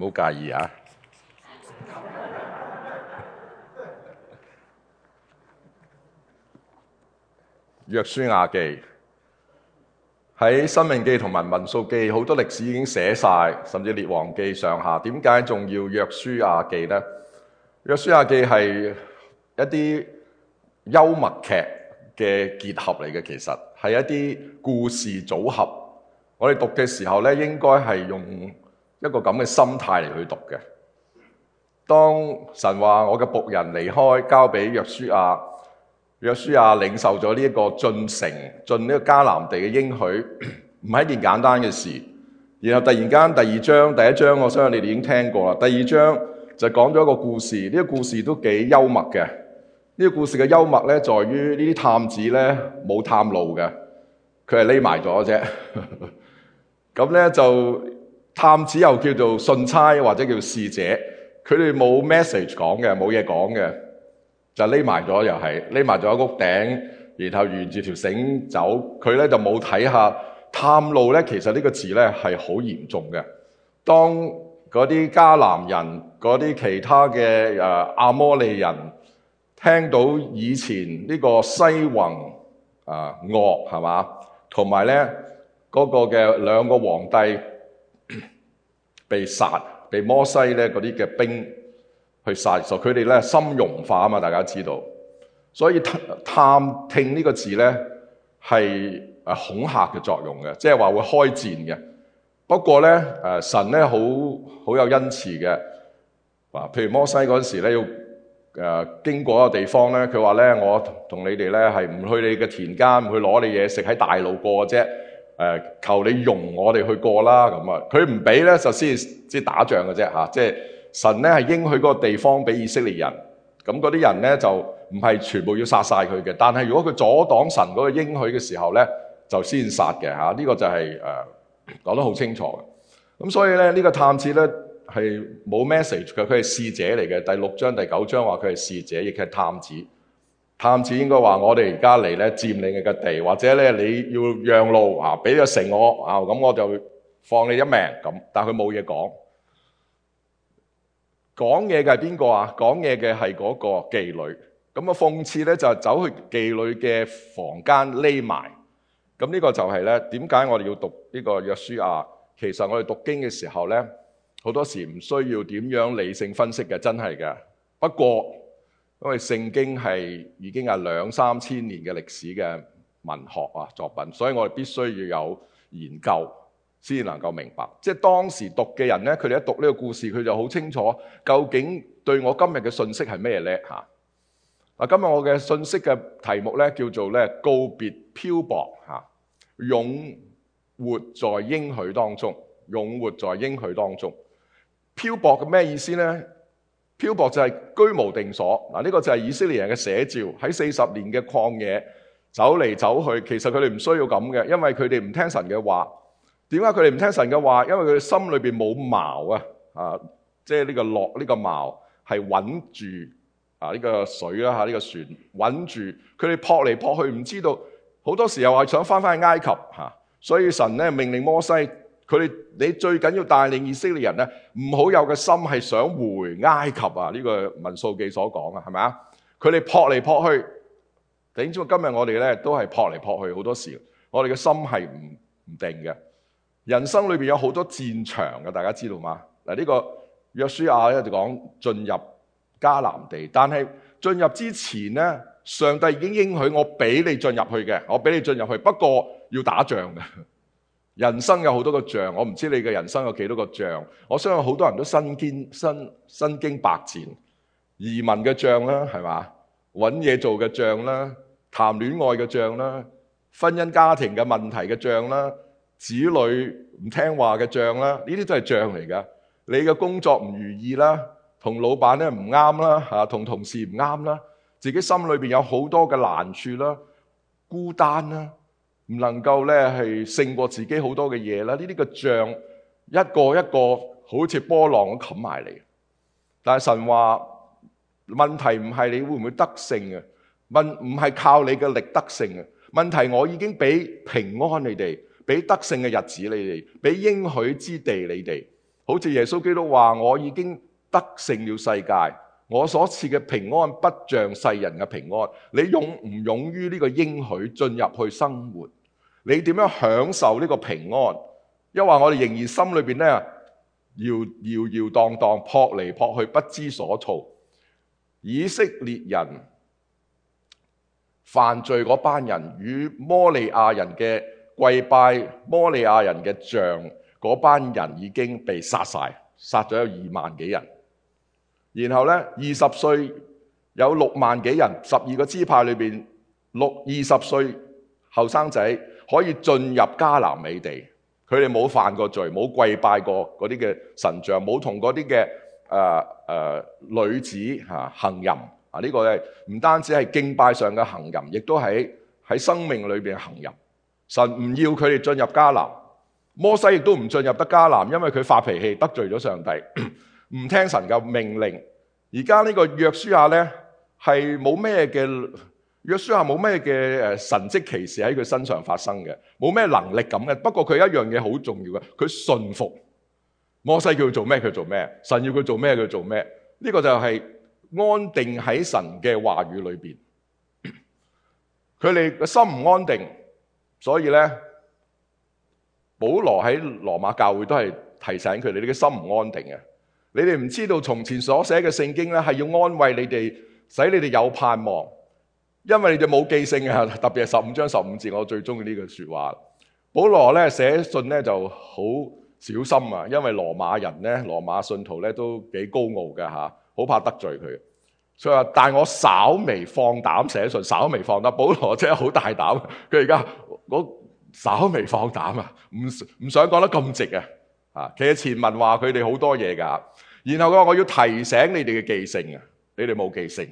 唔好介意啊！《約書亞記》喺《申命記》同埋《民數記》，好多歷史已經寫晒，甚至《列王記》上下，點解仲要《約書亞記》呢？《約書亞記》係一啲幽默劇嘅結合嚟嘅，其實係一啲故事組合。我哋讀嘅時候咧，應該係用。一個咁嘅心態嚟去讀嘅。當神話我嘅僕人離開，交俾約書亞，約書亞領受咗呢一個進城進呢個迦南地嘅應許，唔係一件簡單嘅事。然後突然間第二章第一章，我相信你哋已經聽過啦。第二章就講咗一個故事，呢個故事都幾幽默嘅。呢個故事嘅幽默呢，在於呢啲探子呢冇探路嘅，佢係匿埋咗啫。咁 呢就。探子又叫做信差或者叫做侍者，佢哋冇 message 講嘅，冇嘢講嘅，就匿埋咗又係匿埋咗屋頂，然後沿住條繩走，佢咧就冇睇下探路咧。其實個呢個字咧係好嚴重嘅。當嗰啲迦南人、嗰啲其他嘅阿亞摩利人聽到以前呢個西宏啊惡係嘛，同埋咧嗰個嘅兩個皇帝。被殺被摩西咧嗰啲嘅兵去殺，所以佢哋咧心融化啊嘛，大家知道。所以探探聽呢個字咧係誒恐嚇嘅作用嘅，即係話會開戰嘅。不過咧誒神咧好好有恩慈嘅，嗱譬如摩西嗰陣時咧要誒經過一個地方咧，佢話咧我同你哋咧係唔去你嘅田間，唔去攞你嘢食，喺大路過啫。誒，求你容我哋去過啦，咁啊，佢唔俾咧就先先打仗嘅啫吓，即係神咧係應許嗰個地方俾以色列人，咁嗰啲人咧就唔係全部要殺晒佢嘅，但係如果佢阻擋神嗰個應許嘅時候咧，就先殺嘅吓，呢個就係誒講得好清楚嘅，咁所以咧呢個探子咧係冇 message 嘅，佢係使者嚟嘅，第六章第九章話佢係使者，亦佢係探子。探子應該話我哋而家嚟咧佔你嘅地，或者咧你要讓路啊，俾咗城我啊，咁我就放你一命。咁但佢冇嘢講，講嘢嘅係邊個啊？講嘢嘅係嗰個妓女。咁啊諷刺咧就係走去妓女嘅房間匿埋。咁呢個就係咧點解我哋要讀呢個約書亞？其實我哋讀經嘅時候咧，好多時唔需要點樣理性分析嘅，真係嘅。不過因為聖經係已經係兩三千年嘅歷史嘅文學啊作品，所以我哋必須要有研究先能夠明白。即係當時讀嘅人咧，佢哋一讀呢個故事，佢就好清楚究竟對我今日嘅信息係咩呢吓。嗱，今日我嘅信息嘅題目呢，叫做咧告別漂泊吓，永活在應許當中，永活在應許當中。漂泊嘅咩意思呢？漂泊就係居無定所，嗱、這、呢個就係以色列人嘅寫照。喺四十年嘅曠野走嚟走去，其實佢哋唔需要咁嘅，因為佢哋唔聽神嘅話。點解佢哋唔聽神嘅話？因為佢哋心裏邊冇錨啊！啊，即係呢個落呢、這個錨係穩住啊！呢、這個水啦嚇，呢、啊這個船穩住。佢哋撲嚟撲去，唔知道好多時候係想翻返去埃及嚇、啊。所以神咧命令摩西。佢哋你最緊要帶領以色列人咧，唔好有個心係想回埃及啊！呢、這個民數記所講啊，係咪啊？佢哋撲嚟撲去，頂住。今日我哋咧都係撲嚟撲去，好多時。我哋嘅心係唔唔定嘅。人生裏邊有好多戰場嘅，大家知道嗎？嗱，呢個約書亞一就講進入迦南地，但係進入之前咧，上帝已經應許我俾你進入去嘅，我俾你進入去，不過要打仗嘅。人生有好多個仗，我唔知你嘅人生有幾多個仗。我相信好多人都身兼身身經百戰，移民嘅仗啦，係嘛？揾嘢做嘅仗啦，談戀愛嘅仗啦，婚姻家庭嘅問題嘅仗啦，子女唔聽話嘅仗啦，呢啲都係仗嚟㗎。你嘅工作唔如意啦，同老闆咧唔啱啦，嚇，同同事唔啱啦，自己心裏邊有好多嘅難處啦，孤單啦。唔能夠咧係勝過自己好多嘅嘢啦，呢啲個仗一個一個好似波浪咁冚埋你。但係神話問題唔係你會唔會得勝嘅？問唔係靠你嘅力得勝嘅問題。我已經俾平安你哋，俾得勝嘅日子你哋，俾應許之地你哋。好似耶穌基督話：我已經得勝了世界，我所賜嘅平安不像世人嘅平安。你勇唔勇於呢個應許進入去生活？你點樣享受呢個平安？因為我哋仍然心裏邊呢，搖搖搖盪盪，撲嚟撲去，不知所措。以色列人犯罪嗰班人與摩利亞人嘅跪拜，摩利亞人嘅像嗰班人已經被殺曬，殺咗有二萬幾人。然後呢，二十歲有六萬幾人，十二個支派裏邊六二十歲後生仔。可以進入迦南美地，佢哋冇犯過罪，冇跪拜過嗰啲嘅神像，冇同嗰啲嘅誒誒女子行淫啊！呢、這個係唔單止係敬拜上嘅行淫，亦都喺喺生命裏面行淫。神唔要佢哋進入迦南，摩西亦都唔進入得迦南，因為佢發脾氣得罪咗上帝，唔聽神嘅命令。而家呢個約書亞呢，係冇咩嘅。約書亞冇咩嘅，誒神蹟奇事喺佢身上發生嘅，冇咩能力咁嘅。不過佢一樣嘢好重要嘅，佢信服，摩西叫佢做咩佢做咩，神要佢做咩佢做咩。呢、這個就係安定喺神嘅話語裏邊。佢哋個心唔安定，所以咧，保羅喺羅馬教會都係提醒佢哋，這個：你嘅心唔安定嘅，你哋唔知道從前所寫嘅聖經咧係要安慰你哋，使你哋有盼望。因為你哋冇記性啊，特別係十五章十五節我最中意呢句說話。保羅咧寫信咧就好小心啊，因為羅馬人咧，羅馬信徒咧都幾高傲嘅吓，好怕得罪佢，所以話，但係我稍微放膽寫信，稍微放膽，保羅真係好大膽，佢而家我稍微放膽啊，唔唔想講得咁直啊，啊，其實前文話佢哋好多嘢噶，然後佢話我要提醒你哋嘅記性啊，你哋冇記性。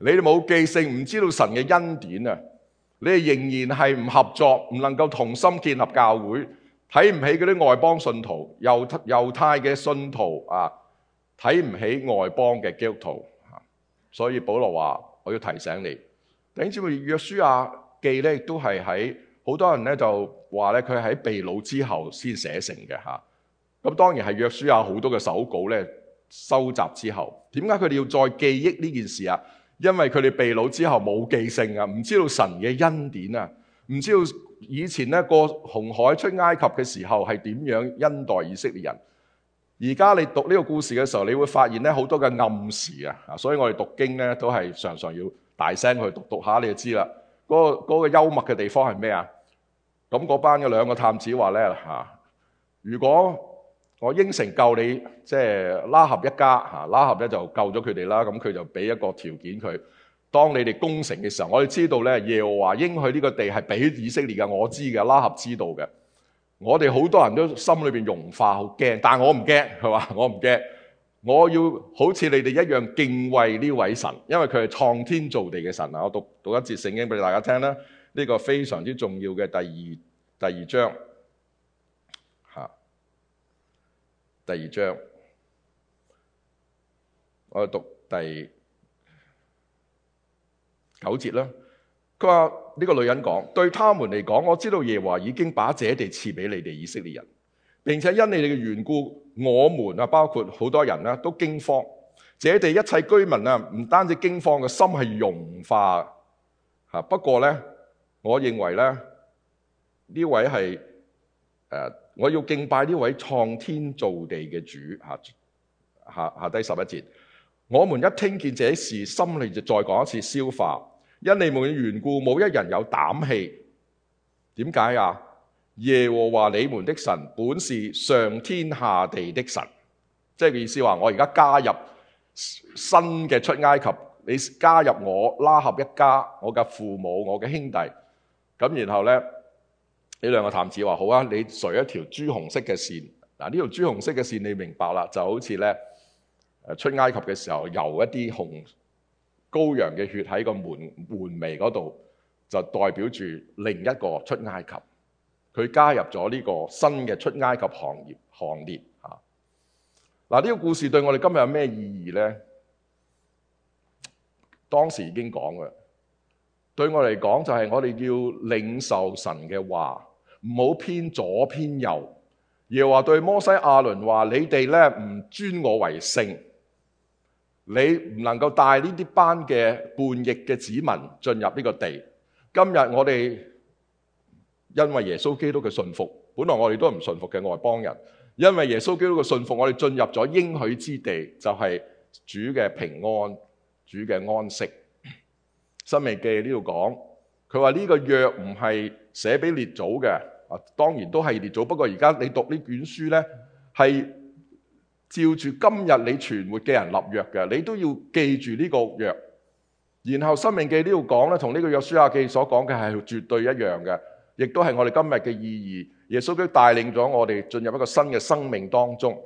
你哋冇記性，唔知道神嘅恩典啊！你哋仍然係唔合作，唔能夠同心建立教會，睇唔起嗰啲外邦信徒，猶猶太嘅信徒啊，睇唔起外邦嘅基督徒。所以保羅話：我要提醒你。點知《約書亞記》咧，亦都係喺好多人咧就話咧，佢喺被擄之後先寫成嘅吓。咁當然係《約書亞》好多嘅手稿咧，收集之後，點解佢哋要再記憶呢件事啊？因為佢哋被擄之後冇記性啊，唔知道神嘅恩典啊，唔知道以前咧過紅海出埃及嘅時候係點樣恩待以色列人。而家你讀呢個故事嘅時候，你會發現咧好多嘅暗示啊，所以我哋讀經咧都係常常要大聲去讀讀下，你就知啦。嗰個、嗰個幽默嘅地方係咩啊？咁嗰班嘅兩個探子話咧吓，如果我應承救你，即係拉合一家吓。拉合咧就救咗佢哋啦，咁佢就俾一個條件佢。當你哋攻城嘅時候，我哋知道咧，耶和華應許呢個地係俾以色列嘅，我知嘅，拉合知道嘅。我哋好多人都心裏面融化，好驚，但我唔驚，係話我唔驚，我要好似你哋一樣敬畏呢位神，因為佢係創天造地嘅神啊！我讀讀一節聖經俾大家聽啦，呢個非常之重要嘅第二第二章。第二章，我讀第九節啦。佢話呢個女人講，對他們嚟講，我知道耶和華已經把這地賜俾你哋以色列人，並且因你哋嘅緣故，我們啊包括好多人咧、啊、都驚慌。這地一切居民啊，唔單止驚慌，個心係融化。吓，不過呢，我認為呢呢位係誒。呃我要敬拜呢位創天造地嘅主，下下下低十一節，我們一聽見這事，心裏就再講一次消化，因你們的緣故，冇一人有膽氣。點解啊？耶和華你們的神本是上天下地的神，即係意思話，我而家加入新嘅出埃及，你加入我拉合一家，我嘅父母，我嘅兄弟，咁然後呢？你兩個探子話好啊！你垂一條朱紅色嘅線，嗱，呢條朱紅色嘅線你明白啦，就好似咧出埃及嘅時候，揉一啲紅羔羊嘅血喺個門門楣嗰度，就代表住另一個出埃及，佢加入咗呢個新嘅出埃及行業行列嚇。嗱，呢個故事對我哋今日有咩意義咧？當時已經講嘅，對我嚟講就係我哋要領受神嘅話。唔好偏左偏右，耶和華對摩西亞倫話：你哋咧唔尊我為聖，你唔能夠帶呢啲班嘅叛逆嘅子民進入呢個地。今日我哋因為耶穌基督嘅信服，本來我哋都唔信服嘅外邦人，因為耶穌基督嘅信服，我哋進入咗應許之地，就係、是、主嘅平安、主嘅安息。申命記呢度講。佢話呢個約唔係寫俾列祖嘅，啊當然都係列祖。不過而家你讀呢卷書呢，係照住今日你存活嘅人立約嘅，你都要記住呢個約。然後生命記呢度講呢，同呢個約書亞記所講嘅係絕對一樣嘅，亦都係我哋今日嘅意義。耶穌基督帶領咗我哋進入一個新嘅生命當中，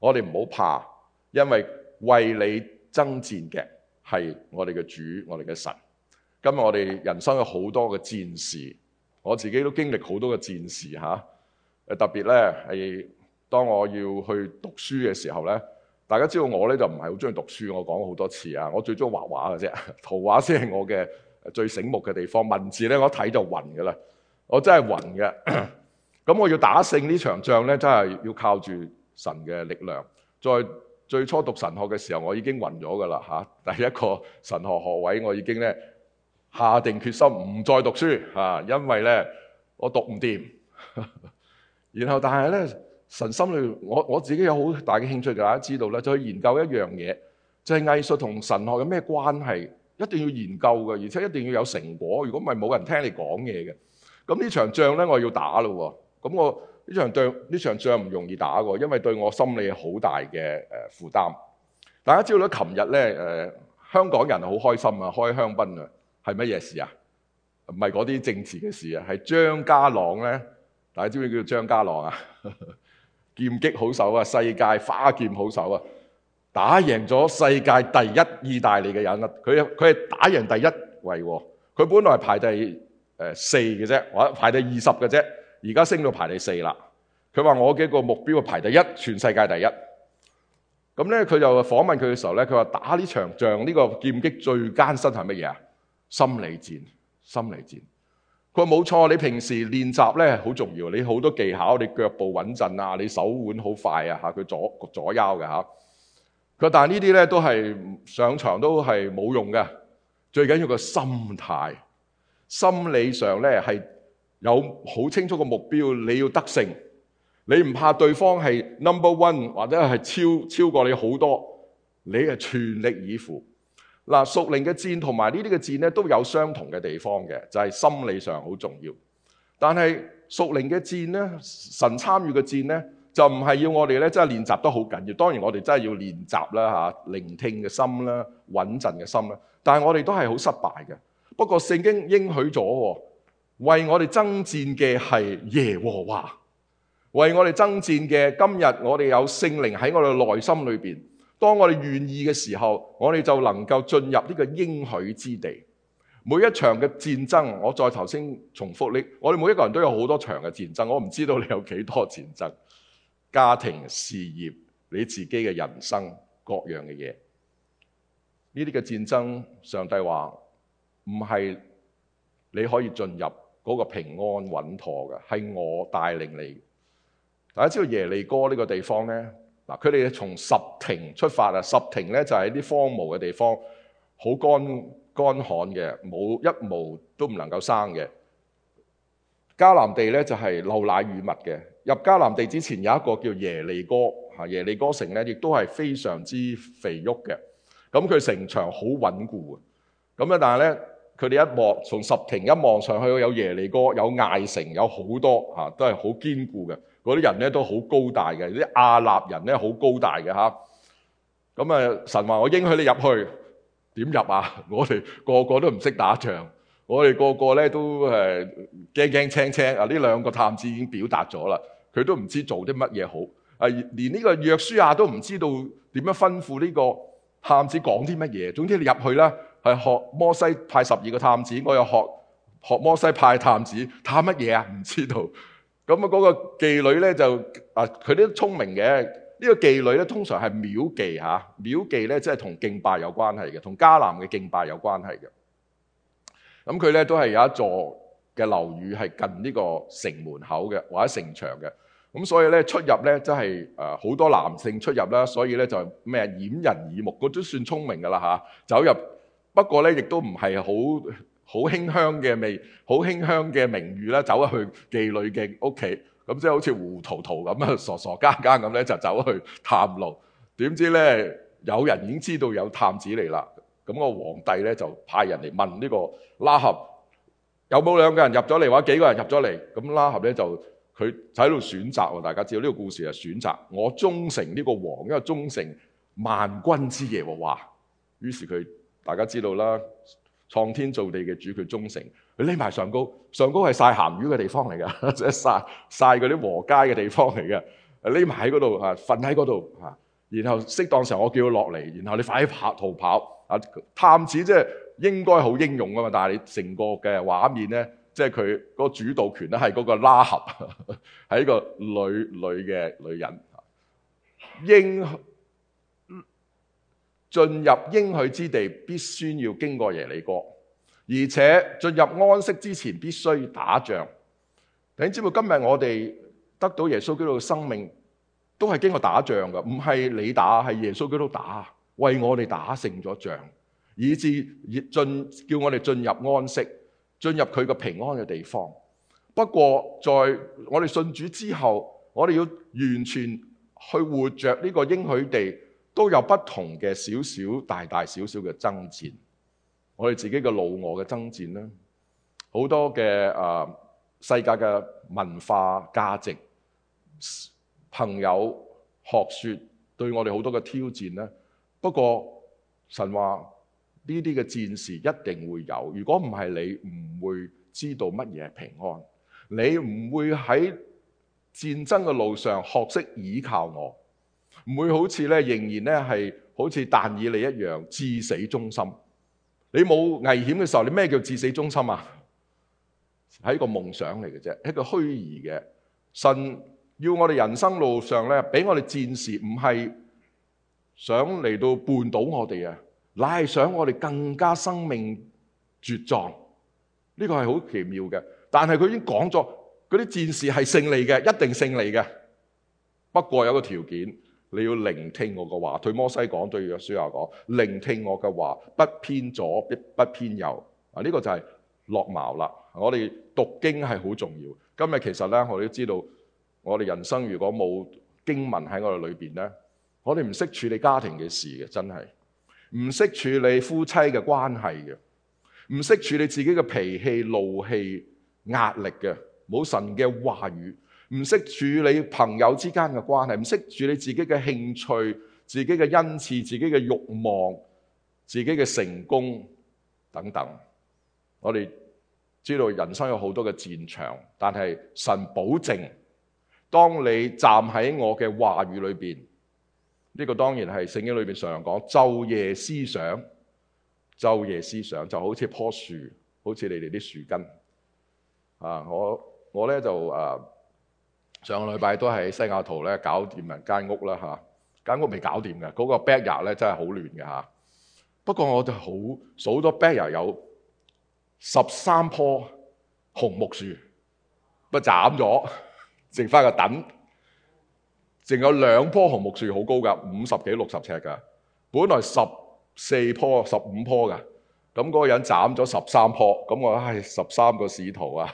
我哋唔好怕，因為為你爭戰嘅係我哋嘅主，我哋嘅神。今日我哋人生有好多嘅戰事，我自己都經歷好多嘅戰事吓。特別咧係當我要去讀書嘅時候咧，大家知道我咧就唔係好中意讀書，我講好多次啊，我最中意畫畫嘅啫，圖畫先係我嘅最醒目嘅地方。文字咧我一睇就暈㗎啦，我真係暈嘅。咁我要打勝呢場仗咧，真係要靠住神嘅力量。在最初讀神學嘅時候，我已經暈咗㗎啦吓。第一個神學學位，我已經咧。下定決心唔再讀書嚇、啊，因為咧我讀唔掂。 然後但係咧，神心裏我我自己有好大嘅興趣，大家知道啦，就去研究一樣嘢，就係藝術同神學有咩關係，一定要研究嘅，而且一定要有成果。如果唔係冇人聽你講嘢嘅，咁呢場仗咧我要打咯。咁我呢場,場仗呢場仗唔容易打喎，因為對我心理好大嘅誒負擔。大家知道咧，琴日咧誒香港人好開心啊，開香檳啊！係乜嘢事啊？唔係嗰啲政治嘅事啊，係張家朗咧。大家知唔知叫張家朗啊？劍擊好手啊，世界花劍好手啊，打贏咗世界第一意大利嘅人啊。佢佢係打贏第一位喎。佢本來係排第誒四嘅啫，或者排第二十嘅啫，而家升到排第四啦。佢話，我嘅個目標係排第一，全世界第一。咁咧，佢就訪問佢嘅時候咧，佢話打呢場仗，呢個劍擊最艱辛係乜嘢啊？心理戰，心理戰。佢話冇錯，你平時練習咧好重要，你好多技巧，你腳步穩陣啊，你手腕好快啊嚇，佢左左腰嘅嚇。佢但係呢啲咧都係上場都係冇用嘅，最緊要個心態，心理上咧係有好清楚嘅目標，你要得勝，你唔怕對方係 number one 或者係超超過你好多，你係全力以赴。嗱，屬靈嘅戰同埋呢啲嘅戰咧，都有相同嘅地方嘅，就係心理上好重要。但係屬靈嘅戰咧，神參與嘅戰咧，就唔係要我哋咧，真係練習得好緊要。當然我哋真係要練習啦，嚇，聆聽嘅心啦，穩陣嘅心啦、啊。但係我哋都係好失敗嘅。不過聖經應許咗，為我哋爭戰嘅係耶和華，為我哋爭戰嘅，今日我哋有聖靈喺我哋內心裏邊。當我哋願意嘅時候，我哋就能夠進入呢個應許之地。每一場嘅戰爭，我再頭先重複你，我哋每一個人都有好多場嘅戰爭，我唔知道你有幾多戰爭，家庭、事業、你自己嘅人生，各樣嘅嘢。呢啲嘅戰爭，上帝話唔係你可以進入嗰個平安穩妥嘅，係我帶領你。大家知道耶利哥呢個地方呢？佢哋從十亭出發啊，十亭呢就喺啲荒蕪嘅地方，好乾乾旱嘅，冇一毛都唔能夠生嘅。迦南地呢就係漏奶乳物嘅。入迦南地之前有一個叫耶利哥嚇，耶利哥城呢亦都係非常之肥沃嘅。咁佢城牆好穩固啊。咁咧，但係呢，佢哋一望從十亭一望上去，有耶利哥，有艾城，有好多嚇，都係好堅固嘅。嗰啲人咧都好高大嘅，啲阿納人咧好高大嘅嚇。咁啊，神話我應許你入去，點入啊？我哋個個都唔識打仗，我哋個個咧都係驚驚青青啊！呢兩個探子已經表達咗啦，佢都唔知做啲乜嘢好。係連呢個約書亞都唔知道點樣吩咐呢個探子講啲乜嘢。總之你入去啦，係學摩西派十二個探子，我又學學摩西派探子探乜嘢啊？唔知道。咁啊，嗰個妓女咧就啊，佢都聰明嘅。呢、呢個妓女咧通常係廟妓嚇，廟妓咧即係同敬拜有關係嘅，同迦南嘅敬拜有關係嘅。咁佢咧都係有一座嘅樓宇係近呢個城門口嘅，或者城牆嘅。咁所以咧出入咧即係好多男性出入啦，所以咧就咩掩人耳目，嗰都算聰明噶啦吓，走入不過咧亦都唔係好。好馨香嘅味，好馨香嘅名譽啦，走咗去妓女嘅屋企，咁即係好似糊糊塗塗咁啊，傻傻更更咁咧就走去探路。點知咧有人已經知道有探子嚟啦，咁個皇帝咧就派人嚟問呢個拉合有冇兩個人入咗嚟，或者幾個人入咗嚟？咁拉合咧就佢就喺度選擇喎，大家知道呢個故事係選擇。我忠誠呢個王，因為忠誠萬軍之耶和華。於是佢大家知道啦。創天造地嘅主叫忠誠，佢匿埋上高，上高係曬鹹魚嘅地方嚟㗎，即係晒曬嗰啲和佳嘅地方嚟嘅，匿埋喺嗰度嚇，瞓喺嗰度嚇，然後適當時候我叫佢落嚟，然後你快啲跑逃跑啊！探子即係應該好英勇㗎嘛，但係你成個嘅畫面咧，即係佢嗰個主導權咧係嗰個拉合，係一個女女嘅女人，應、啊。英進入應許之地，必須要經過耶利哥，而且進入安息之前，必須打仗。你知唔知今日我哋得到耶穌基督嘅生命，都係經過打仗㗎，唔係你打，係耶穌基督打，為我哋打勝咗仗，以致進叫我哋進入安息，進入佢個平安嘅地方。不過，在我哋信主之後，我哋要完全去活著呢個應許地。都有不同嘅小小大大小小嘅爭戰，我哋自己嘅老我嘅爭戰啦，好多嘅世界嘅文化價值、朋友、學說，對我哋好多嘅挑戰啦，不過神話呢啲嘅戰事一定會有，如果唔係你唔會知道乜嘢平安，你唔會喺戰爭嘅路上學識倚靠我。唔會好似咧，仍然咧係好似但以理一樣至死忠心。你冇危險嘅時候，你咩叫至死忠心啊？係一個夢想嚟嘅啫，一個虛擬嘅。神要我哋人生路上咧，俾我哋戰士唔係想嚟到絆倒我哋啊，乃係想我哋更加生命茁壯。呢、這個係好奇妙嘅，但係佢已經講咗，嗰啲戰士係勝利嘅，一定勝利嘅。不過有個條件。你要聆聽我嘅話，對摩西講，對約書亞講，聆聽我嘅話，不偏左，亦不偏右，啊、這、呢個就係落錨啦。我哋讀經係好重要。今日其實咧，我哋都知道，我哋人生如果冇經文喺我哋裏邊咧，我哋唔識處理家庭嘅事嘅，真係唔識處理夫妻嘅關係嘅，唔識處理自己嘅脾氣、怒氣、壓力嘅，冇神嘅話語。唔識處理朋友之間嘅關係，唔識處理自己嘅興趣、自己嘅恩賜、自己嘅慾望、自己嘅成功等等。我哋知道人生有好多嘅戰場，但係神保證，當你站喺我嘅話語裏邊，呢個當然係聖經裏邊常講，晝夜思想，晝夜思想就好似棵樹，好似你哋啲樹根。我我呢啊，我我咧就啊上個禮拜都喺西雅圖咧搞掂間屋啦嚇，間、啊、屋未搞掂嘅，嗰、那個 backyard 咧真係好亂嘅嚇。不過我就好數咗 backyard 有十三棵紅木樹，咪斬咗，剩翻個墩，剩有兩棵紅木樹好高㗎，五十幾六十尺㗎。本來十四棵、十五棵㗎，咁、那、嗰個人斬咗十三棵，咁我唉十三個使徒啊，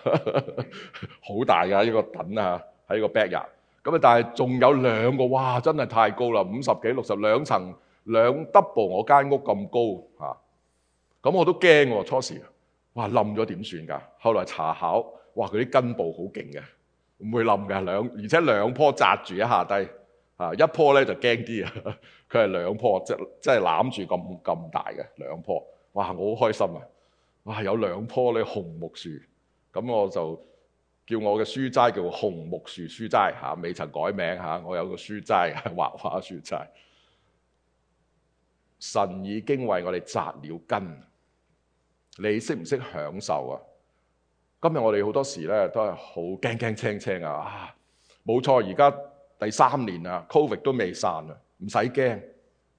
好大㗎呢、這個墩啊！喺個 backyard，咁啊！但係仲有兩個哇，真係太高啦，五十幾六十兩層兩 double 我間屋咁高嚇，咁、啊、我都驚喎初時，哇冧咗點算㗎？後來查考，哇佢啲根部好勁嘅，唔會冧嘅兩，而且兩棵扎住一下低嚇、啊，一棵咧就驚啲啊，佢係兩棵即即係攬住咁咁大嘅兩棵，哇！我好開心啊，哇！有兩棵呢紅木樹，咁我就。叫我嘅書齋叫紅木樹書齋嚇、啊，未曾改名嚇、啊。我有個書齋，畫畫書齋。神已經為我哋扎了根，你識唔識享受啊？今日我哋好多時咧都係好驚驚青青啊！冇錯，而家第三年啦，Covid 都未散啊！唔使驚，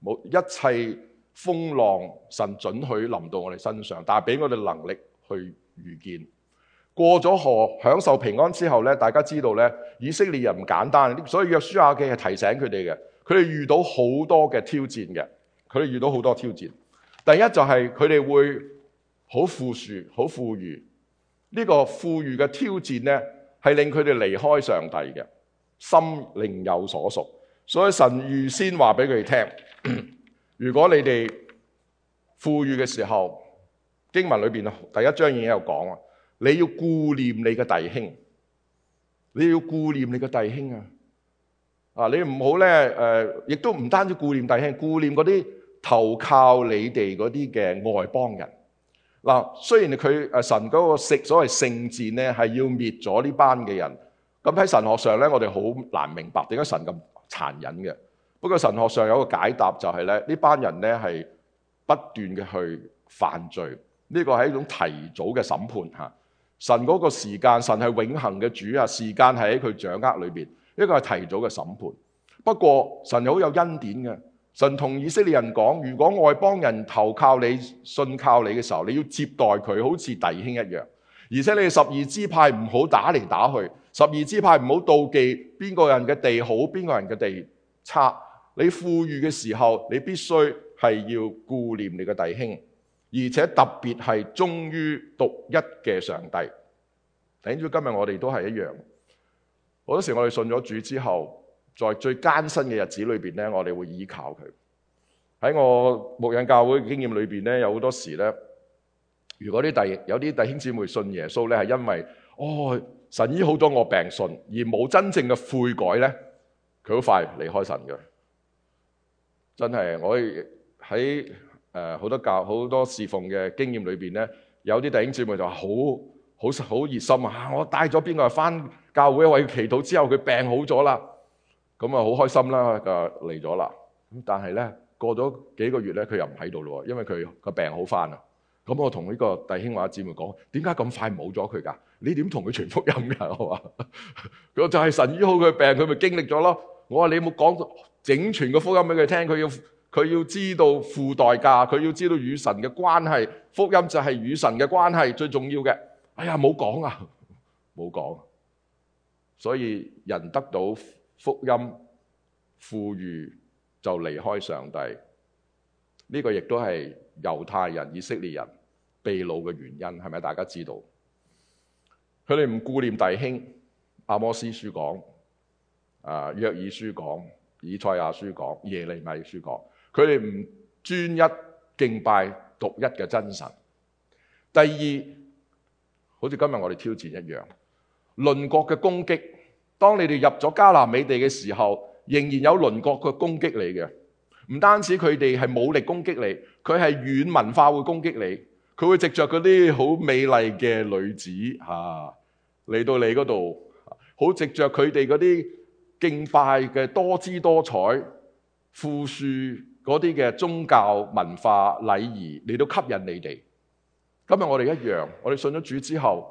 冇一切風浪，神准許臨到我哋身上，但係俾我哋能力去預見。過咗河享受平安之後呢，大家知道呢，以色列人唔簡單，所以約書亞記係提醒佢哋嘅，佢哋遇到好多嘅挑戰嘅，佢哋遇到好多挑戰。第一就係佢哋會好富庶、好富裕，呢、這個富裕嘅挑戰呢，係令佢哋離開上帝嘅心另有所屬，所以神預先話俾佢哋聽：如果你哋富裕嘅時候，經文裏邊第一章已經有講。你要顧念你嘅弟兄，你要顧念你嘅弟兄啊！啊，你唔好咧，誒、呃，亦都唔單止顧念弟兄，顧念嗰啲投靠你哋嗰啲嘅外邦人。嗱，雖然佢誒神嗰個食所謂聖戰咧，係要滅咗呢班嘅人。咁喺神學上咧，我哋好難明白點解神咁殘忍嘅。不過神學上有個解答就係、是、咧，呢班人咧係不斷嘅去犯罪，呢個係一種提早嘅審判嚇。神嗰個時間，神係永恒嘅主啊，時間係喺佢掌握裏面，一個係提早嘅審判，不過神係好有恩典嘅。神同以色列人講，如果外邦人投靠你、信靠你嘅時候，你要接待佢，好似弟兄一樣。而且你十二支派唔好打嚟打去，十二支派唔好妒忌邊個人嘅地好，邊個人嘅地差。你富裕嘅時候，你必須係要顧念你嘅弟兄。而且特別係忠於獨一嘅上帝。等住今日我哋都係一樣。好多時我哋信咗主之後，在最艱辛嘅日子裏邊咧，我哋會依靠佢。喺我牧人教會嘅經驗裏邊咧，有好多時咧，如果啲弟有啲弟兄姊妹信耶穌咧，係因為哦神醫好咗我病信，而冇真正嘅悔改咧，佢好快離開神嘅。真係我喺。誒好多教好多侍奉嘅經驗裏面咧，有啲弟兄姊妹就話好好好熱心啊！我帶咗邊個返教會，為佢祈禱之後，佢病好咗啦，咁啊好開心啦，就嚟咗啦。咁但係咧，過咗幾個月咧，佢又唔喺度咯，因為佢個病好返啊。咁我同呢個弟兄或者姊妹講：點解咁快冇咗佢㗎？你點同佢傳福音㗎？我話佢就係神醫好佢病，佢咪經歷咗咯。我話你有冇講整全個福音俾佢聽，佢要。佢要知道付代價，佢要知道與神嘅關係。福音就係與神嘅關係最重要嘅。哎呀，冇講啊，冇講。所以人得到福音富裕就離開上帝，呢、呢個亦都係猶太人、以色列人被擄嘅原因，係咪？大家知道佢哋唔顧念弟兄。阿摩斯書講，啊約珥書講，以賽亞書講，耶利米書講。佢哋唔專一敬拜獨一嘅真神。第二，好似今日我哋挑戰一樣，鄰國嘅攻擊。當你哋入咗迦南美地嘅時候，仍然有鄰國嘅攻擊你嘅。唔單止佢哋係武力攻擊你，佢係軟文化會攻擊你。佢會藉着嗰啲好美麗嘅女子嚇嚟、啊、到你嗰度，好藉着佢哋嗰啲敬拜嘅多姿多彩、富庶。嗰啲嘅宗教文化禮儀，嚟到吸引你哋。今日我哋一樣，我哋信咗主之後，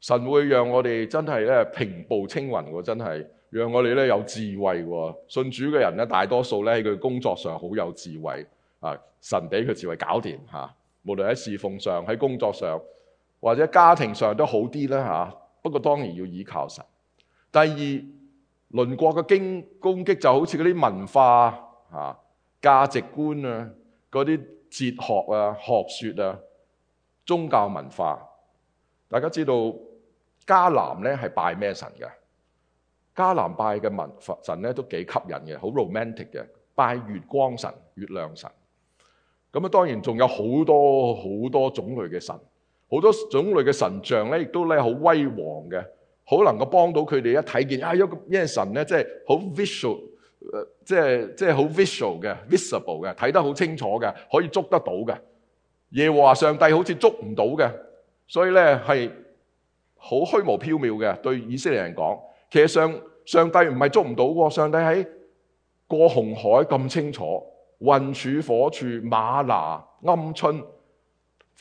神會讓我哋真係咧平步青雲喎，真係讓我哋咧有智慧喎。信主嘅人咧大多數咧喺佢工作上好有智慧啊。神俾佢智慧搞掂嚇，無論喺侍奉上、喺工作上或者家庭上都好啲啦嚇。不過當然要依靠神。第二，鄰國嘅經攻擊就好似嗰啲文化嚇。價值觀啊，嗰啲哲學啊、學説啊、宗教文化，大家知道迦南咧係拜咩神嘅？迦南拜嘅文神咧都幾吸引嘅，好 romantic 嘅，拜月光神、月亮神。咁啊，當然仲有好多好多種類嘅神，好多種類嘅神像咧，亦都咧好威煌嘅，好能夠幫到佢哋一睇見啊，一、一個咩神咧，即係好 visual。即係即係好 visual 嘅，visible 嘅，睇得好清楚嘅，可以捉得到嘅。耶和華上帝好似捉唔到嘅，所以咧係好虛無縹緲嘅。對以色列人講，其實上上帝唔係捉唔到嘅，上帝喺過紅海咁清楚，雲柱火柱、馬拿、鵪鶉、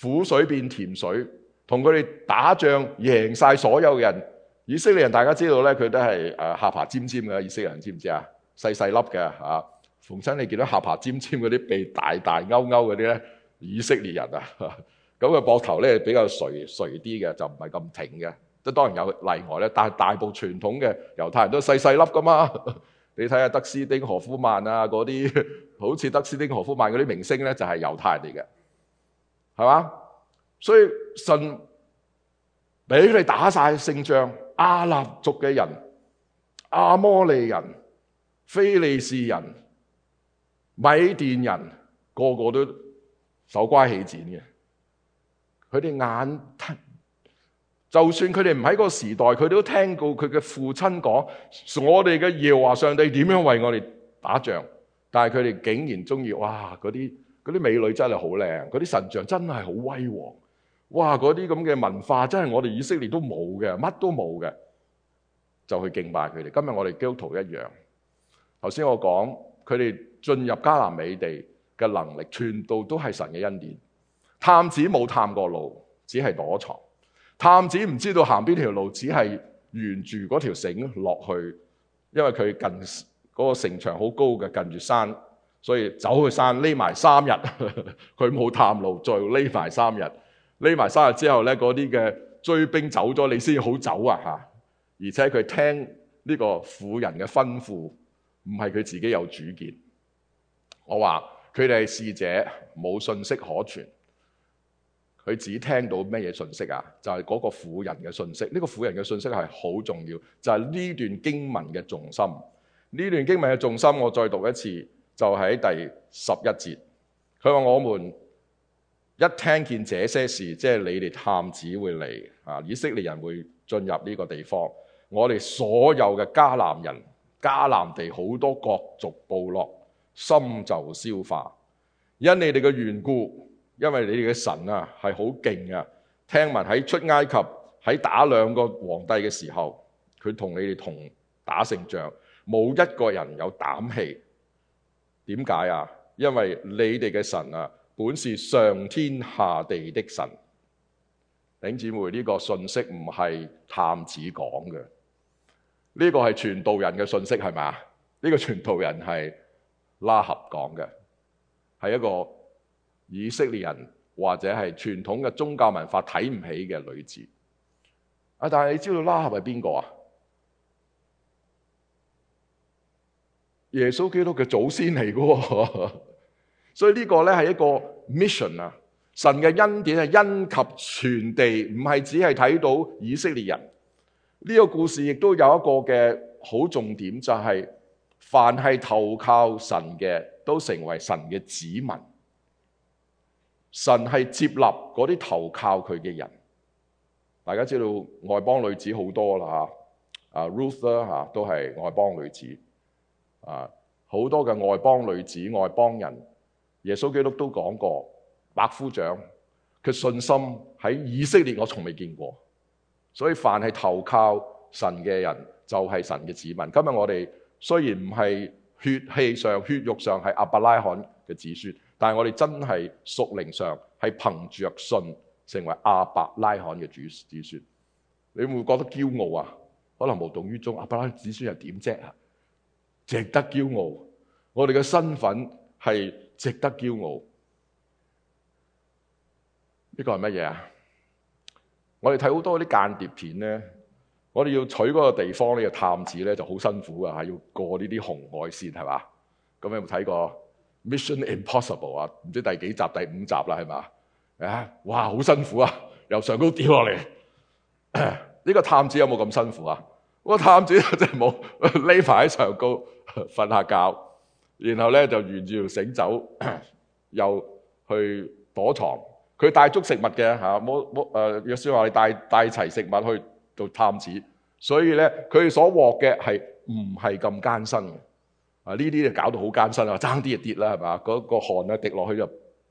苦水變甜水，同佢哋打仗贏晒所有人。以色列人大家知道咧，佢都係誒下巴尖尖嘅以色列人，知唔知啊？細細粒嘅嚇，逢親你見到下巴尖尖嗰啲、鼻大大勾勾嗰啲咧，以色列人啊，咁個膊頭咧比較垂垂啲嘅，就唔係咁挺嘅。即係當然有例外咧，但係大部傳統嘅猶太人都細細粒噶嘛。你睇下德斯丁·何夫曼啊，嗰啲好似德斯丁·何夫曼嗰啲明星咧，就係猶太人嚟嘅，係嘛？所以神俾你打晒勝仗，阿納族嘅人、阿摩利人。非利士人、米甸人個個都手瓜起剪嘅，佢哋眼睇就算佢哋唔喺個時代，佢都聽過佢嘅父親講：我哋嘅耶華上帝點樣為我哋打仗？但係佢哋竟然中意哇！嗰啲啲美女真係好靚，嗰啲神像真係好威煌。哇！嗰啲咁嘅文化真係我哋以色列都冇嘅，乜都冇嘅，就去敬拜佢哋。今日我哋基督徒一樣。頭先我講，佢哋進入迦南美地嘅能力，全部都係神嘅恩典。探子冇探過路，只係躲藏。探子唔知道行邊條路，只係沿住嗰條繩落去，因為佢近嗰、那個城牆好高嘅，近住山，所以走去山匿埋三日。佢冇探路，再匿埋三日，匿埋三日之後咧，嗰啲嘅追兵走咗，你先好走啊！嚇，而且佢聽呢個婦人嘅吩咐。唔係佢自己有主見，我話佢哋係使者，冇信息可傳，佢只聽到咩嘢信息啊？就係、是、嗰個婦人嘅信息。呢、這個婦人嘅信息係好重要，就係、是、呢段經文嘅重心。呢段經文嘅重心，我再讀一次，就喺、是、第十一節。佢話，我們一聽見這些事，即係你哋探子會嚟啊，以色列人會進入呢個地方。我哋所有嘅迦南人。迦南地好多國族部落心就消化，因你哋嘅緣故，因為你哋嘅神啊係好勁啊！聽聞喺出埃及喺打兩個皇帝嘅時候，佢同你哋同打勝仗，冇一個人有膽氣。點解啊？因為你哋嘅神啊，本是上天下地的神。頂姊妹呢、這個信息唔係探子講嘅。呢、這個係傳道人嘅信息係咪？呢、這個傳道人係拉合講嘅，係一個以色列人或者係傳統嘅宗教文化睇唔起嘅女子。啊！但係你知道拉合係邊個啊？耶穌基督嘅祖先嚟嘅， 所以呢個咧係一個 mission 啊！神嘅恩典係恩及全地，唔係只係睇到以色列人。呢、這個故事亦都有一個嘅好重點，就係、是、凡係投靠神嘅，都成為神嘅子民。神係接納嗰啲投靠佢嘅人。大家知道外邦女子好多啦，啊，Ruth 啦、啊、吓，都係外邦女子。啊，好多嘅外邦女子、外邦人，耶穌基督都講過，百夫長佢信心喺以色列，我從未見過。所以，凡係投靠神嘅人，就係、是、神嘅子民。今日我哋雖然唔係血氣上、血肉上係亞伯拉罕嘅子孫，但係我哋真係屬靈上係憑着信成為亞伯拉罕嘅子子孫。你會唔會覺得驕傲啊？可能無動於衷，亞伯拉罕子孫又點啫？值得驕傲，我哋嘅身份係值得驕傲。呢、這個係咩嘢啊？我哋睇好多啲間諜片咧，我哋要取嗰個地方呢個探子咧就好辛苦啊，要過呢啲紅外線係嘛？咁你有冇睇過 Mission Impossible 啊？唔知第幾集第五集啦係嘛？啊，哇，好辛苦啊！由上高跌落嚟，呢個探子有冇咁辛苦啊？我探子真係冇匿埋喺上高瞓下覺，然後咧就沿住條繩走又去躲藏。佢帶足食物嘅嚇，冇冇誒？約書亞話你帶帶齊食物去做探子，所以咧佢所獲嘅係唔係咁艱辛嘅啊？呢啲就搞到好艱辛啦，爭啲就跌啦，係嘛？嗰、那個汗咧滴落去就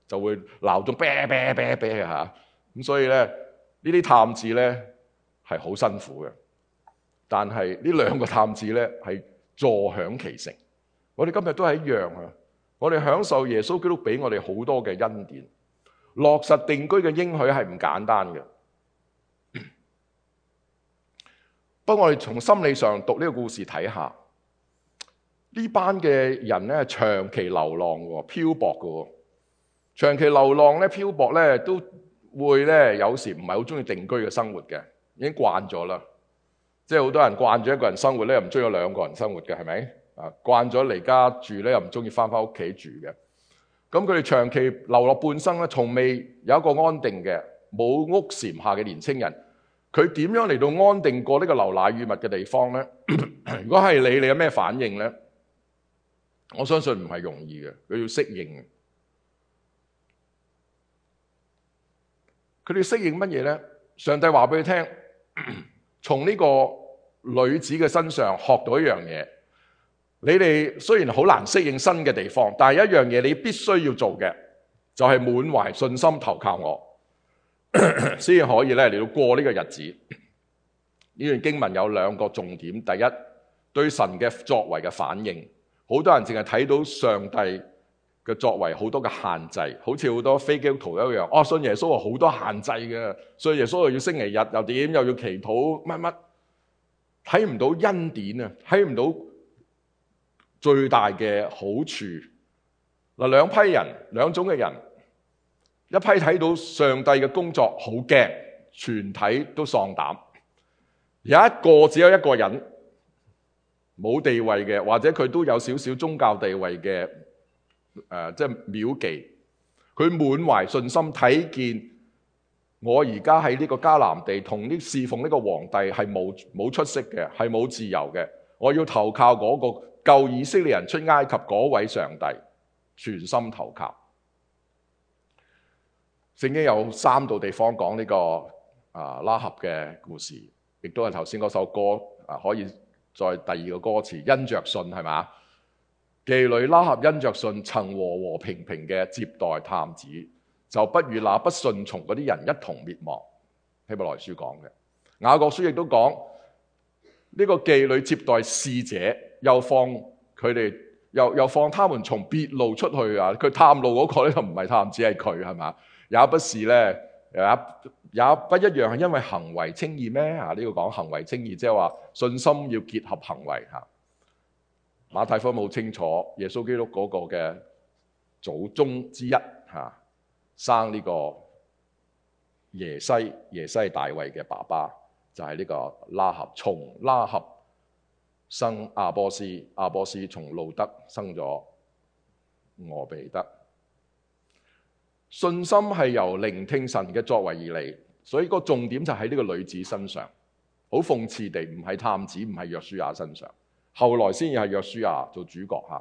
就會鬧到啤啤啤啤嘅嚇，咁所以咧呢啲探子咧係好辛苦嘅，但係呢兩個探子咧係坐享其成。我哋今日都係一樣啊！我哋享受耶穌基督俾我哋好多嘅恩典。落實定居嘅應許係唔簡單嘅。 不過我哋從心理上讀呢個故事睇下，這呢班嘅人咧長期流浪嘅，漂泊嘅，長期流浪咧漂泊咧都會咧有時唔係好中意定居嘅生活嘅，已經慣咗啦。即係好多人慣咗一個人生活咧，又唔中意兩個人生活嘅，係咪？啊，慣咗離家住咧，又唔中意翻返屋企住嘅。咁佢哋長期流落半生咧，從未有一個安定嘅冇屋檐下嘅年青人。佢點樣嚟到安定過呢個流奶與蜜嘅地方呢？ 如果係你，你有咩反應呢？我相信唔係容易嘅，佢要適應嘅。佢哋適應乜嘢呢？上帝話俾佢聽，從呢個女子嘅身上學到一樣嘢。你哋雖然好難適應新嘅地方，但係一樣嘢，你必須要做嘅，就係、是、滿懷信心投靠我，先可以咧嚟到過呢個日子。呢段經文有兩個重點：第一，對神嘅作為嘅反應。好多人淨係睇到上帝嘅作為好多嘅限制，好似好多非基督徒一樣。哦，信耶穌啊，好多限制嘅，信耶穌又要星期日又點，又要祈禱乜乜，睇唔到恩典啊，睇唔到。最大嘅好處嗱，兩批人，兩種嘅人，一批睇到上帝嘅工作好驚，全體都喪膽。有一個只有一個人冇地位嘅，或者佢都有少少宗教地位嘅，即係廟記，佢滿懷信心睇見我而家喺呢個迦南地同呢侍奉呢個皇帝係冇冇出息嘅，係冇自由嘅，我要投靠嗰個。舊以色列人出埃及嗰位上帝全心投靠。聖經有三度地方講呢、這個啊拉合嘅故事，亦都係頭先嗰首歌啊，可以再第二個歌詞因着信係嘛，妓女拉合因着信曾和和平平嘅接待探子，就不與那不順從嗰啲人一同滅亡。希伯來書講嘅雅各書亦都講呢、這個妓女接待侍者。又放佢哋，又又放他們從別路出去啊！佢探路嗰個咧就唔係探，只係佢係嘛？也不是咧，也也不一樣，因為行為稱義咩？啊，呢、這個講行為稱義，即係話信心要結合行為嚇、啊。馬太福音好清楚，耶穌基督嗰個嘅祖宗之一嚇、啊，生呢個耶西，耶西大衛嘅爸爸就係、是、呢個拉合，從拉合。生阿波斯，阿波斯從路德生咗俄比德。信心係由聆聽神嘅作為而嚟，所以個重點就喺呢個女子身上。好諷刺地，唔係探子，唔係約書亞身上，後來先至係約書亞做主角吓。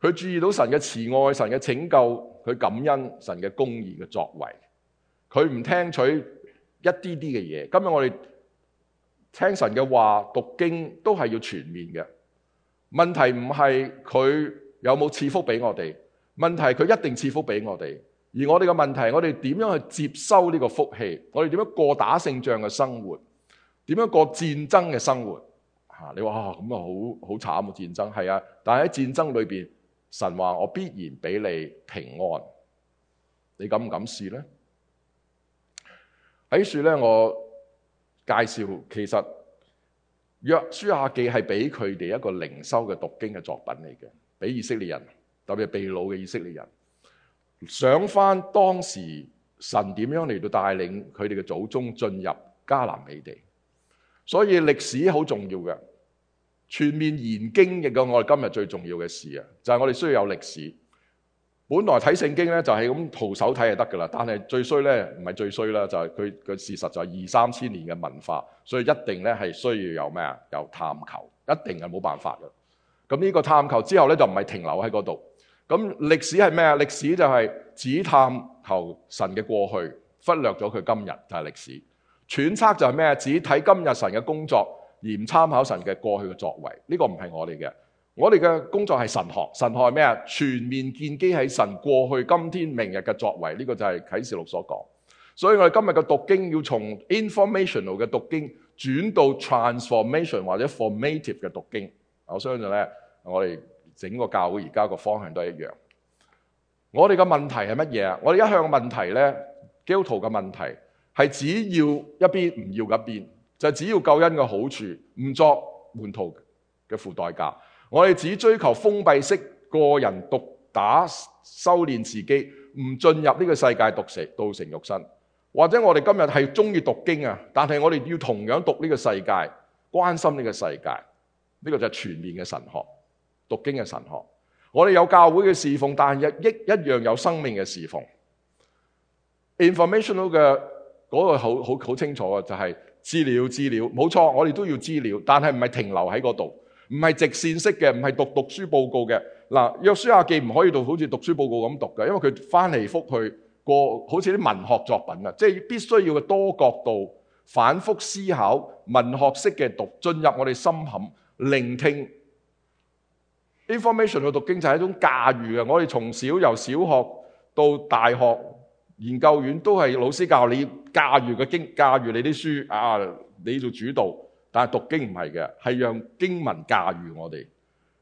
佢注意到神嘅慈愛，神嘅拯救，佢感恩神嘅公義嘅作為。佢唔聽取一啲啲嘅嘢。今日我哋。聽神嘅話，讀經都係要全面嘅。問題唔係佢有冇賜福俾我哋，問題係佢一定賜福俾我哋。而我哋嘅問題係，我哋點樣去接收呢個福氣？我哋點樣過打勝仗嘅生活？點樣過戰爭嘅生活？吓，你話咁啊，好好慘啊！戰爭係啊，但係喺戰爭裏邊，神話我必然俾你平安。你敢唔敢試呢？喺樹呢，我。介紹其實約書亞記係俾佢哋一個靈修嘅讀經嘅作品嚟嘅，俾以色列人，特別係被擄嘅以色列人，想翻當時神點樣嚟到帶領佢哋嘅祖宗進入迦南美地，所以歷史好重要嘅，全面研經亦係我哋今日最重要嘅事啊，就係、是、我哋需要有歷史。本來睇聖經咧就係咁徒手睇就得噶啦，但係最衰咧唔係最衰啦，就係佢個事實就係二三千年嘅文化，所以一定咧係需要有咩啊？有探求，一定係冇辦法嘅。咁呢個探求之後咧就唔係停留喺嗰度。咁歷史係咩啊？歷史就係只探求神嘅過去，忽略咗佢今日就係、是、歷史。揣測就係咩啊？只睇今日神嘅工作而唔參考神嘅過去嘅作為，呢、這個唔係我哋嘅。我哋嘅工作係神學，神學係咩啊？全面建基喺神過去、今天、明日嘅作為，呢、這個就係啟示錄所講。所以我哋今日嘅讀經要從 informational 嘅讀經轉到 transformation 或者 formative 嘅讀經。我相信咧，我哋整個教會而家個方向都係一樣。我哋嘅問題係乜嘢啊？我哋一向嘅問題咧，基督徒嘅問題係只要一邊唔要一邊，就是、只要救恩嘅好處，唔作門徒嘅付代價。我哋只追求封閉式個人獨打修煉自己，唔進入呢個世界讀成道成肉身。或者我哋今日係中意讀經啊，但係我哋要同樣讀呢個世界，關心呢個世界。呢、呢個就係全面嘅神學，讀經嘅神學。我哋有教會嘅侍奉，但係亦一樣有生命嘅侍奉。informational 嘅嗰、嗰個好好好清楚啊，就係資料資料，冇錯，我哋都要資料，但係唔係停留喺嗰度。唔係直線式嘅，唔係讀讀書報告嘅。嗱，《約書亞記》唔可以讀好似讀書報告咁讀嘅，因為佢翻嚟覆去，過好似啲文學作品啊。即係必須要多角度、反覆思考、文學式嘅讀，進入我哋心坎，聆聽 information 去讀經就係一種駕馭嘅。我哋從小由小學到大學、研究院都係老師教你駕馭嘅經，駕馭你啲書啊，你做主導。但係讀經唔係嘅，係讓經文駕馭我哋，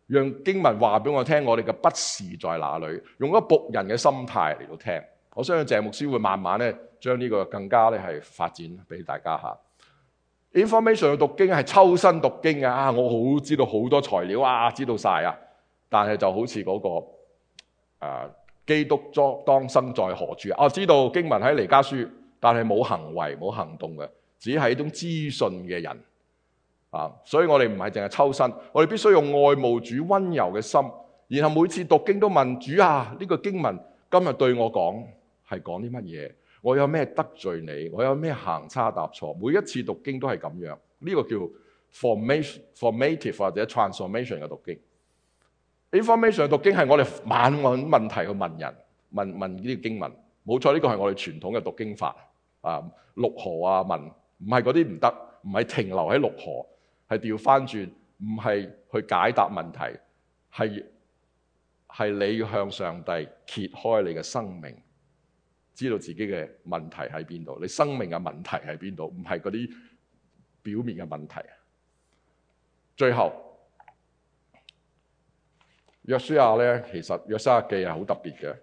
讓經文話俾我聽，我哋嘅不時在哪裏，用一個僕人嘅心態嚟到聽。我相信謝牧師會慢慢咧將呢將這個更加咧係發展俾大家嚇。Information 去讀經係抽身讀經的啊！我好知道好多材料啊，知道晒啊，但係就好似嗰，那個啊，基督將當生在何處啊？我知道經文喺彌迦書，但係冇行為冇行動嘅，只係一種資訊嘅人。啊！所以我哋唔係淨係抽身，我哋必須用愛慕主溫柔嘅心，然後每次讀經都問主啊：呢個經文今日對我講係講啲乜嘢？我有咩得罪你？我有咩行差踏錯？每一次讀經都係咁樣。呢個叫 formative、formative 或者 transformation 嘅讀經。information 嘅讀經係我哋晚問問題去問人問問呢個經文。冇錯，呢個係我哋傳統嘅讀經法啊。六何啊問唔係嗰啲唔得，唔係停留喺六何。係掉返轉，唔係去解答問題，係係你要向上帝揭開你嘅生命，知道自己嘅問題喺邊度，你生命嘅問題喺邊度，唔係嗰啲表面嘅問題。最後，約書亞咧，其實約書亞記係好特別嘅，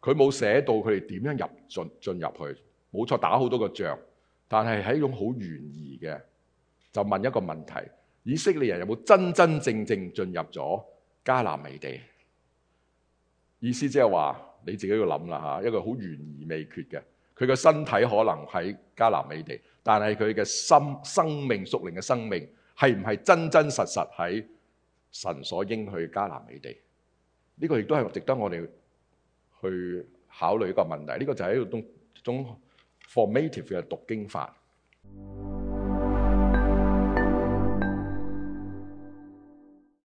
佢冇寫到佢哋點樣入進進入去，冇錯打好多個仗，但係係一種好懸疑嘅。就問一個問題，以色列人有冇真真正正進入咗迦南美地？意思即係話你自己要諗啦，吓，一個好懸而未決嘅。佢嘅身體可能喺迦南美地，但係佢嘅生生命屬靈嘅生命係唔係真真實實喺神所應許嘅迦南美地？呢個亦都係值得我哋去考慮一個問題，呢個就係一種一種 formative 嘅讀經法。